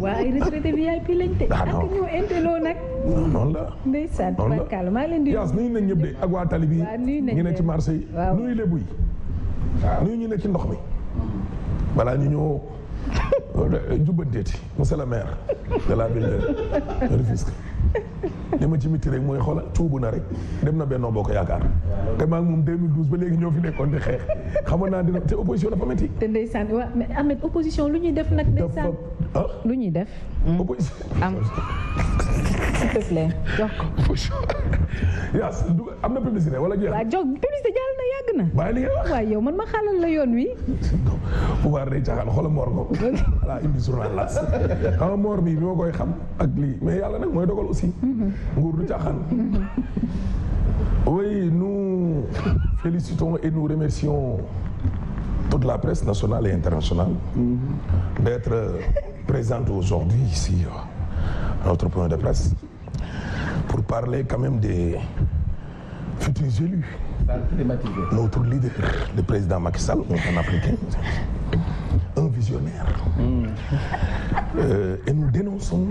waa ay retraité VIP lañ te ak ñu inteloo nag noonu la ndeysaan maa leen di yaas nuyu nañ ñëpp de ak waa tali bi ñu ne ci marché yi nuyu lébu yi ñu ne ci ndox mi balaa ñu eh, ñëw jubbanteeti monsieur le maire de la ville de li ma ci mitti rek mooy xoolal tuubu na rek dem na Benno Bokk Yaakaar te maa ngi moom 2012 ba léegi ñoo fi nekkoon di xeex xamoon naa dina te opposition dafa métti. te ndeysaan waa mais Ahmed opposition lu ñuy def nag. dafa ah? lu ñuy def. Mm. am s'il te plaît jox ko. na publicité wala na yàgg na. man ma xaalal la yoon wi. pouvoir day caaxaan xoolal moor ko. voilà indi journal la xam nga moor bi ma koy xam ak lii mais yàlla nag mooy dogal aussi. Mm-hmm. nguur du caaxaan. Mm-hmm. oui nous félicitons et nous remercions toute la presse nationale et internationale. Mm-hmm. d'être présente aujourd'hui ici euh, à notre point de presse pour parler quand même des futurs élus. Notre leader, le président Macky Sall, un Africain, un visionnaire. Euh, et nous dénonçons.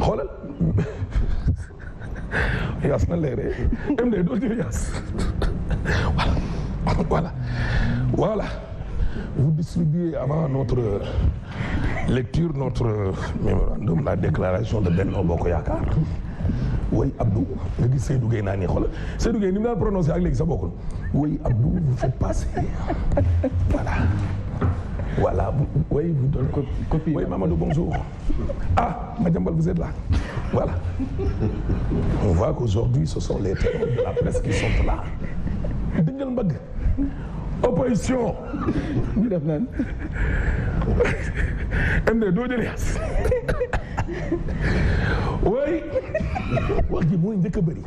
xoolal eh? voilà voilà voilà vous distribuez avant notre lecture notre euh, mémorandum la déclaration de Benno Bokk Yaakaar way Abdou nga gis Seydou Gueye naa ni xoolal Seydou Gueye ni mu daan prononcé ak léegi sa bokkul way Abdou vous faites passer voilà voilà way vous donne copie way Mamadou bonjour ah Madiambal vous êtes là voilà on voit qu'aujourd'hui ce sont les ténors de la presse qui sont dingal mbagg opposition ñu def naan MD doo jël yaas way wax ji mooy njëkk a bëri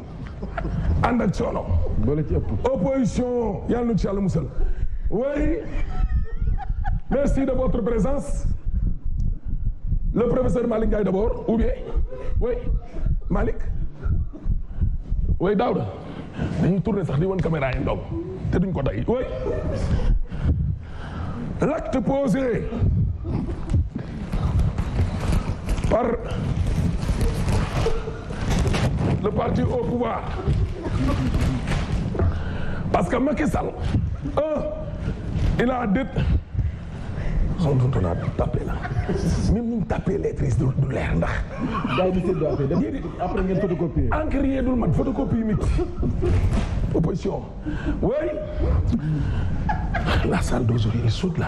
ànd ak coono doole ci ëpp opposition yàlla nu ci yàlla musal way merci de votre présence le professeur Malick Ndiaye d'abord ou bien oui Malick way Daouda dañuy tourner sax di woon caméra yi ndoom te duñ ko day way l'acte posé par le parti au parce que Macky Sall un il a dit xam nga tonton tapé la même ñu tapé lettres du leer ndax. gars yi di après ngeen photocopier. encre dul mat photocopie nit opposition oui. La salle d'aujourd'hui est soude là.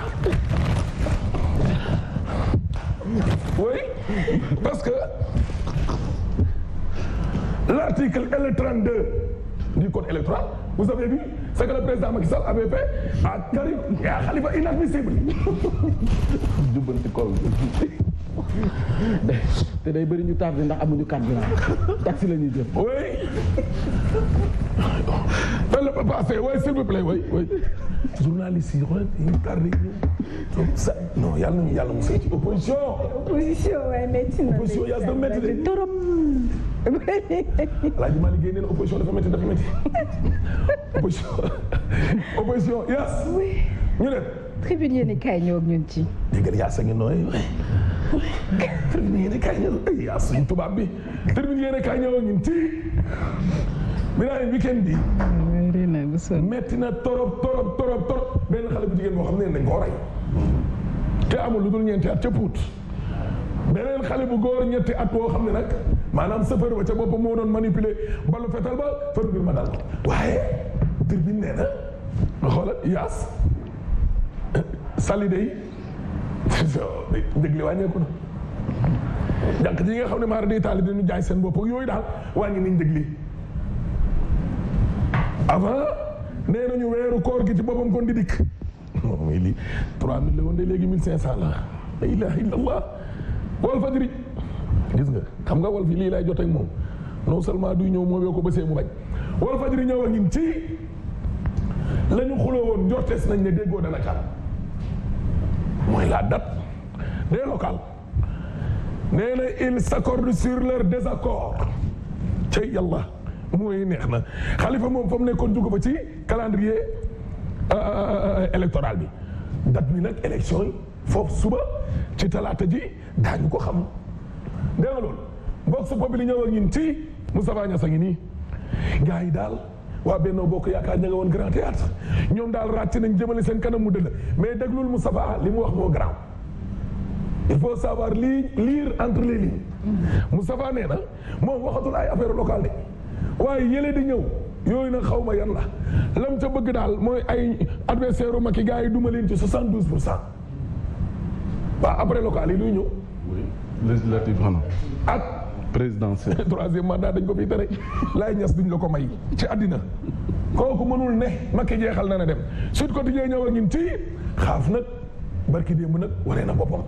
Oui, parce que l'article L32 du code électoral, vous avez vu, c'est que le président Macky Sall avait fait à Karim et à Khalifa inadmissible. jubbanti kool te day bëri ñu tardé ndax amuñu carburant taxi la ñuy jël. oui. fais le passé oui s'il vous plaît oui oui. journaliste yi xoolal yi tardé donc ça yàlla nañu yàlla ci opposition. opposition waaye métti na opposition yaa dafa métti de. trop. El Hadj Malick Guèye nee na opposition dafa métti dafa métti opposition opposition yes. ñu ne. tribune yéen a kaay ñëw ak ñun ci. dégg nga yaa tribune yéen a kaay ñëw bi tribune yéen bi naa leen weekend bi metti na torop torop torop torop benn xale bu jigéen boo xam ne dañ koo rey te amul lu dul ñeenti at ca puut beneen xale bu góor ñetti at boo xam ne nag maanaam safar ba ca boppam moo doon manipuler balu fetal ba fa mbir ma dal waaye tur bi nee na nga xoolal yaas sali day dégli wàññeeku na jànk ji nga xam ne maar day taali dañu jaay seen bopp yooyu daal wàññi nañ dégli avant nee nañu weeru koor gi ci boppam kon di dikk moom mooy lii 3000 la woon de léegi 1500 la la ilaha illallah wal fajri gis nga xam nga wal fi lii lay jot moom non seulement duy ñëw moom yoo ba bësee mu bañ wal fajri ñëw ak ñun ci lañu ñu xuloo woon njortees nañ ne déggoo dana kal mooy la date des locales nee na ils s'accordent sur leur désaccord cay yàlla mooy neex na xalifa moom fa mu nekkoon dugg fa ci calendrier euh, euh, euh, électoral bi date bi nag élection yi foofu suba ci talaata ji daañu ko xam dégg nga loolu bokk su populi ñëw ak ñun ci Moustapha Niasse ngi nii gars yi daal waa Benno Bokk Yaakaar ña nga woon Grand Théâtre ñoom daal ràcc nañ jëmale seen kanam mu dëll mais déglul Moustapha li mu wax moo garaaw il faut lii liir entre les lignes mm-hmm. Moustapha nee na moom waxatul ay affaire locale de waaye yële di ñëw yooyu nag xaw ma yan la lam ca bëgg daal mooy ay adversaire u Macky gars yi duma leen ci 72 pour cent waa après local yi luy ñëw. oui législative xanaa ak présidentiel troisième mandat dañ ko fi tere laay ñas duñ la ko may ci àddina kooku mënul ne Macky jeexal na na dem sut ko Quotidien ñëw ak ñun ci xaaf nag barki démb nag waree na boppam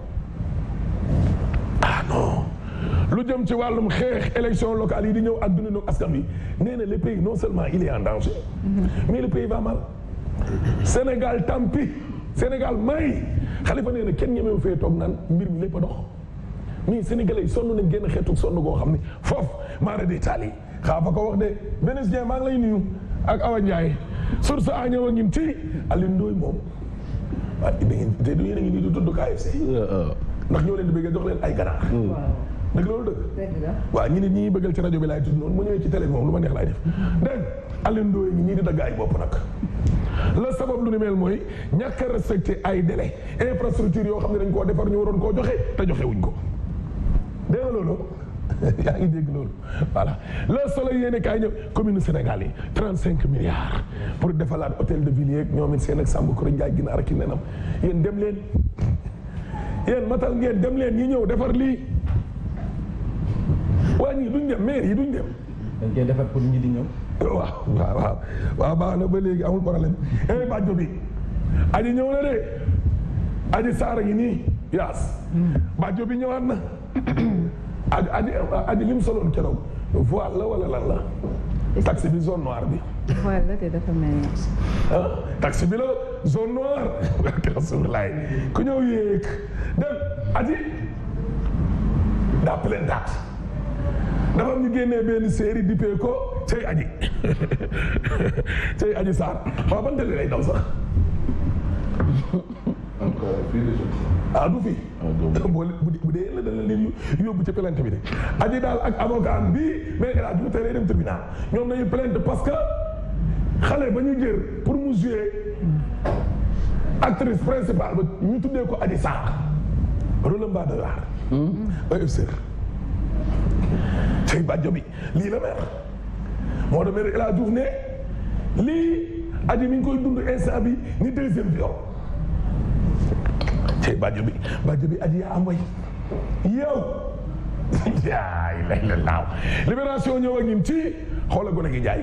lu jëm ci wàllum xeex élection locale yi di ñëw ak dundu askan wi nee na le pays non seulement il est en danger mais le pays va mal Sénégal tant pis Sénégal may Khalifa nee na kenn ñemewu fee toog naan mbir mi lépp a dox mais sénégalais yi sonn nañ génn xeetu sonn goo xam ne foofu maara de taali xaa fa ko wax de Vénus Dieng maa ngi lay ak Awa Ndiaye source a ñëw a ngin ci Alioune Ndoye moom waaw da ngeen te du yéen ngi nii du tudd KFC euh, euh. ndax ñoo leen di bëgg jox leen ay ganaar hmm. dëgg loolu dëgg waaw ñi nit ñi bëggal ci rajo bi laay tudd noonu mu ñëwee ci télé moom lu ma neex laay def dégg Alioune Ndoye ñi ñii di dagg ay bopp nag la sabab lu ni mel mooy ñàkk a respecté ay délai infrastructure yoo xam ne dañ koo defar ñu waroon koo joxee te joxe wuñ ko dégg nga loolu yaa ngi dégg loolu voilà le soleil yéen kaay ñëw commune Sénégal yi 35 milliards pour defalaat hôtel de ville yeeg ñoom seen ak Samb Koro Ndiaye ginaar ak i nenam yéen dem leen yéen ngeen dem leen ñi ñëw defar lii. waa ñii duñ dem maire yi duñ dem. dañ koy defar pour ñi di ñëw. waaw waaw waaw waaw baax na ba léegi amul problème eh bàjjo bi de aji saara gi nii yaas. bàjjo bi ñëwaat na. aji aji soloon keroog voile la wala lan la. taxi bi zone noire bi. voile la te dafa ah, bi la zone noire. ku ñëw yéeg dem aji dafa ñu génnee benn série dippee ko cey aji cey aji Sarr waaw ban daw sax. ah du fi. Ah, bu dee la dana leen yóbbu ci plainte bi de. aji daal ak avocat bi mais El Hadj Moussa dem tribunal ñoom dañuy plainte parce que xale ba ñu jër pour mu jouer actrice principale ba ñu tuddee ko aji Sarr rôle mbaa de waar. Hmm. tey bàjjo bi lii la mer moo demee rek El Hadj ne lii aji mi ngi koy dund instant bi ni deuxième bi yow tey bàjjo bi bàjjo bi aji yaa am way yow yaay lay la laaw libération ñëw ak ñun ci xoola gone gi jaay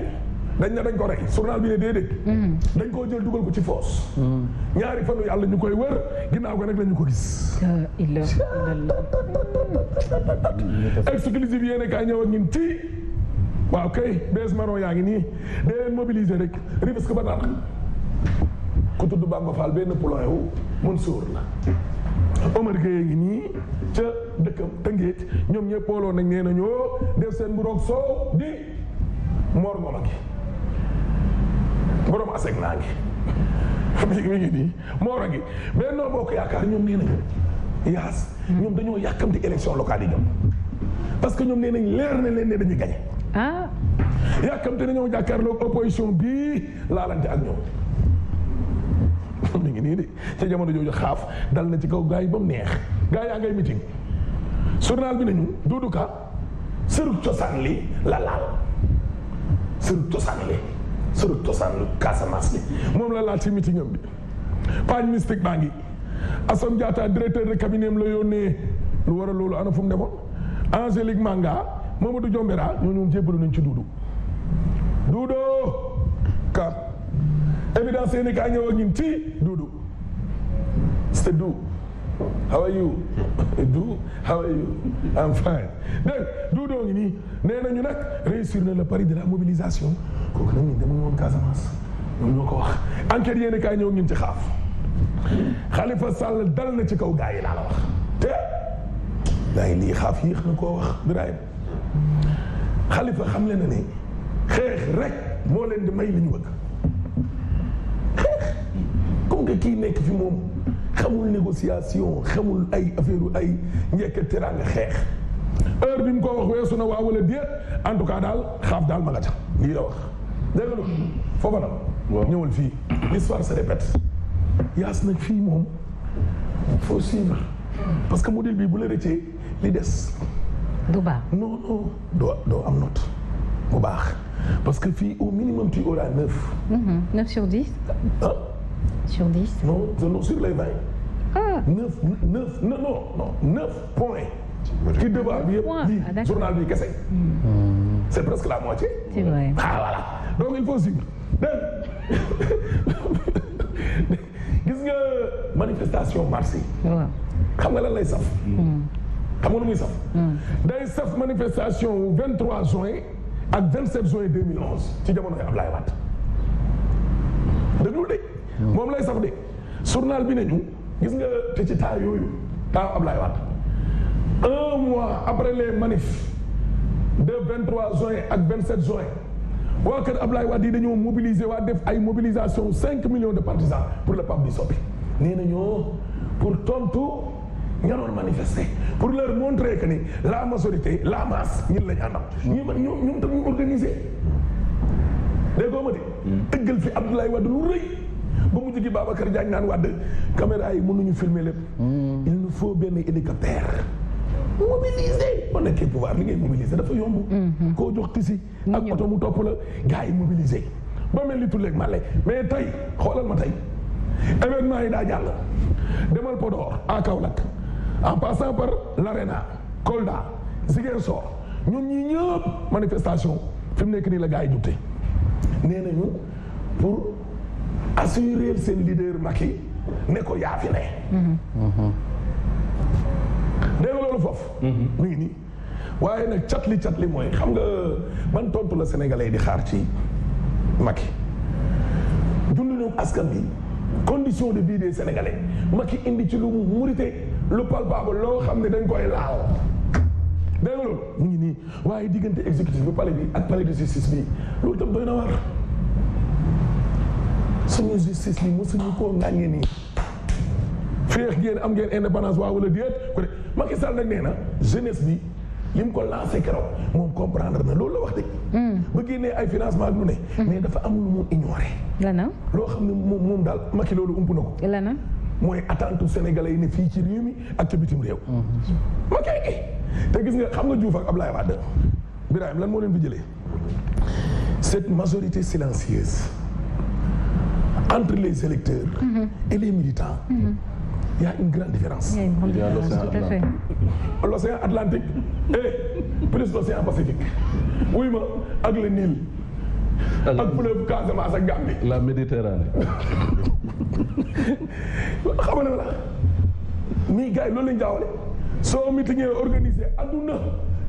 dañ ne dañ ko rey journal bi ne déedéet. Hmm. dañ koo jël dugal ko ci foos. Hmm. ñaari fanu yàlla ñu koy wër ginnaaw ko rek la ñu ko gis. exclusive yéen a kaay ñëw ak ñun waaw kay bees maron yaa ngi nii day leen mobiliser rek Rufisque ba Ndar ku tudd Bamba Fall benn plan wu Mansour la. Omar Gueye ngi nii ca dëkkam Tëngéej ñoom ñëpp pooloo nañ nee nañoo ñoo def seen bu roog soow di Mor borom aseg naa ngi mi ngi nii moor a ngi mais yaakaar ñoom nee nañu yaas ñoom dañoo yàkkamti élection locale yi ñoom parce que ñoom nee nañu leer na leen ne dañuy gañe ah yàkkamte na ñoo jàkkaarloog opposition bii laalante ak ñoom mi ngi nii de ca jamono jooju xaaf dal na ci kaw gars yi ba mu neex gars yaa ngay meeting journal bi nañu Doudou Ka sëru cosaan li la laal sëru cosaan li sunu cosaanu Casamance bi moom la laal ci meeting am bi page mystique baa ngi Assome Diatta directeur de cabinet am la yónnee lu war a loolu ana fu mu demoon Angélique Manga Mamadou Diombera ñooñu moom jébbalu nañ ci Dudu Dudu ka évidence yéen a kaay ñëw ak ñun ci Dudu c'est Dudu how are you du how are you I'm fine dégg du doo ngi nii nee nañu nag réussir na le pari de la mobilisation kooku nag ñun demuñu woon Casamance ñoom ñoo ko wax enquête yéen i kaay ñëw ngeen ci xaaf Khalifa Sall dal na ci kaw gaa yi laa la wax te gaa yi lii xaaf yéex na koo wax Birahim Khalifa xam leen na ne xeex rek moo leen di may li ñu bëgg xeex comme que kii nekk fi moom xamul négociation xamul ay affaire ay njëkk teraanga xeex heure bi mu ko wax weesu na waa wala déet en tout cas daal xaaf daal ma nga ca lii la wax dégg nga foofa nag ñëwal fii l'histoire se répète yaas nag fii moom faut suivre parce que modèle bi bu la rëccee li des du baax non non doo doo am note bu baax parce que fii au minimum tu auras neuf mm-hmm. neuf sur dix ah Sur 10 ah. Non, non sur les 20. Ah. 9, 9, non, non, non, 9 points. qui devant bi yëpp journal bi kese. Hmm. c' est presque la moitié. c'est vrai ah voilà donc il faut suivre dégg gis nga manifestation marché yi. xam nga lan lay saf. Hmm. xam nga lu muy saf. Hmm. day saf manifestation wu 23 juin ak 27 juin 2011 ci jamonoy Ablaye Wade déglu de. moom lay saf de journal bi nañu gis nga te ci temps yooyu temps Ablaye Wade un mois après les manifs de 23 juin ak 27 juin waa kër Ablaye Wade yi dañoo mobiliser waa def ay mobilisation cinq millions de partisans pour le Pape di Sopi nee nañoo pour tontu ña doon manifester pour leur montrer que ni la majorité la masse ñun lañ àndam. ñu mën ñoom ñoom tam ñu organiser. dégg nga ma de. Hmm. tëggal fi Abdoulaye Wade lu rëy. ba mujj gi Babacar Diagne naan wàdd caméra yi mënuñu filmer lépp. Hmm. il nous faut benn hélicoptère. mobiliser on dafa yomb. Hmm. koo jox tisi ak oto mu topp la ba mel ni tulleeg male mais tey xoolal ma tey événement yi daa jàll. demal Podor en Kaolack en passant par l'Arena Kolda Ziguinchor ñun ñi ñëpp manifestation fi mu nekk nii la gars yi jubte nee nañu pour. assurer seen leader Macky nekko ko yaa fi ne. dégg nga mm-hmm. ngi nii waaye nag catli catli mooy xam nga ban tontu la sénégalais di xaar ci Macky. dundu ñu askan bi condition de vie des sénégalais indi ci lu murite lu palpable loo xam ne dañ koy laal. dégg nga loolu mu ngi nii waaye diggante exécutif bi palais bi ak palais de justice bi loolu tam doy war. suñu justice bi mosuñu koo ŋàññi nii féex ngeen am ngeen indépendance waa wala déet ku ne Macky Sall nag nee na jeunesse bi li mu ko lancé keroog moom comprendre na loolu la wax de. Hmm. ba génnee ay financement ak mu ne. Hmm. mais dafa am lu mu ignoré. lana loo xam ne moom moom daal Macky loolu ump na ko. lana mooy attente sénégalais yi ne fii ci réew mi ak ci bitim hmm. te gis nga xam nga Diouf ak Ablaye bi Birahim lan moo leen fi jëlee cette majorité silencieuse. entre les électeurs mm-hmm. et les militants mm-hmm. il une grande différence l'océan Atlantique et eh, plus l'océan Pacifique wuy ma ak le Nil ak fleuve Casamance ak Gambie la Méditerranée xam nga la mais gars yi loolu lañ jaawale soo meeting organisé adduna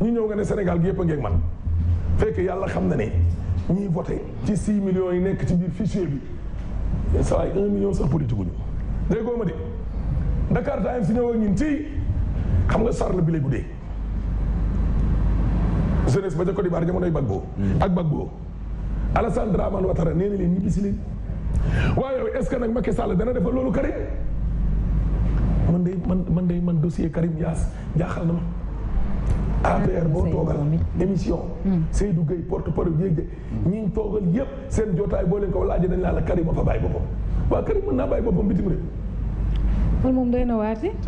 ñu ñëw nga ne Sénégal gi yëpp a ngeeg man fekk yàlla xam na ne ñiy voté ci six millions yi nekk ci biir fichier bi saa yi un million sax politique gu ñu. déggoo ma de Dakar Times si ñëw ak ñun ci xam nga Charles bi bu guddee. jeunesse ba ca Côte d'Ivoire jamonoy Gbagbo. Hmm. ak Gbagbo. Alassane Dramane Ouattara nee na leen ñibbi si leen. waaye yow est ce que nag Macky Sall dana defal loolu Karim man de man man man dossier Karim Yaas jaaxal na ma. APR boo toogal émission hmm. Seydou Gueye porte parole yéeg hmm. ñi ñu toogal yépp seen jotaay boo leen ko laajee dañ laa la Karim a fa bàyyi boppam waaw Karim mën naa bàyyi boppam bitim réew loolu moom doy na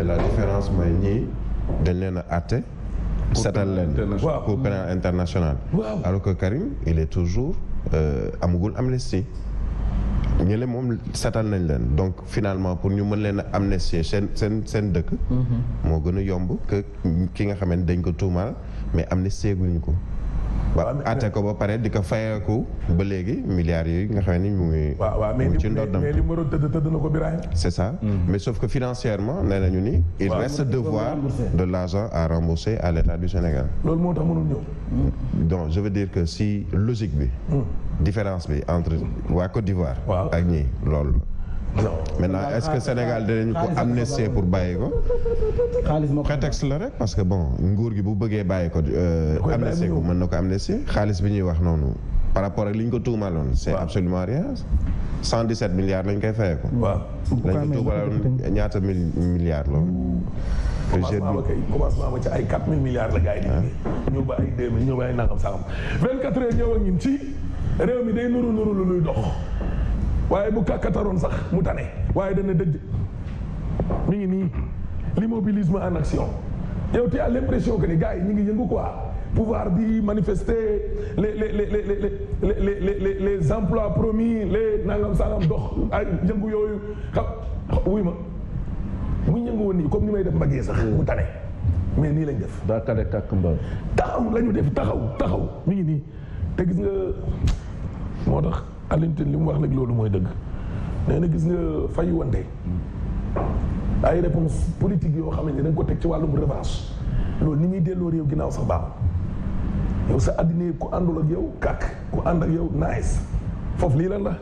la différence mooy ñii dañ leen a àtte setal leen pour pénal international alors Karim il est toujours euh, amagul amnistie ñële moom setal nañ leen donc finalement pour ñu mën leen a amnistier seen seen seen dëkk. Mhm. moo gën a yomb ki nga ne dañ ko tuumaal mais am amnistier guñ ko. waaw atte ko ba pare di ko fayeeku ba léegi milliards yi nga xam ne mu ngi. waaw waaw mais li mu tëdd tëdd na ko Birahim. c'est ça mm. mais sauf que financièrement nee nañu ni. il reste devoir de l'argent à rembourser à l'État du Sénégal. loolu mm. donc je veux dire que si logique bi. Mm. différence bi entre waa Côte d'Ivoire. ak ñii loolu. non maintenant est-ce que Sénégal dinañ ko amnistie pour bàyyi ko. xaalis moo prétexte la rek parce que bon nguur gi bu bëggee bàyyi ko. Euh, amnistie ko mën na ko amnistie xaalis bi ñuy wax noonu. par rapport ak li ñu ko tuumaloon. c'est absolument rien. 117 milliards lañ koy fayee ñaata mille milliards la commencement ba kay commencement ba ca ay réew mi day nuru nuru lu luy dox. waaye bu kàkkataroon sax mu tane waaye dana dëj mi ngi nii l'immobilisme en action yow tu as l'impression que ni gars yi ñu ngi yëngu quoi pouvoir bi manifester les les les les les les les les emplois promis les nangam sangam dox ay yëngu yooyu xam wuy ma mu yëngu woon nii comme ni may def mbagee sax mu tane mais nii lañ def. daa kale tàkk mba. taxaw la ñu def taxaw taxaw mi ngi nii te gis nga moo tax. Alioune li mu wax nag loolu mooy dëgg nee na gis nga fay wante ay réponse politique yoo xam ne dañ ko teg ci wàllum revanche loolu ni muy delloo réew ginnaaw sax baax yow sa àddina yi ku àndul ak yow kàkk ku ànd ak yow nice foofu lii lan la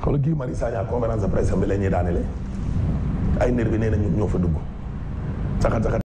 xoolal kii Marie Sagna conférence de presse bi la ñuy daanele ay nervi nee na ñoo fa dugg saxat saxat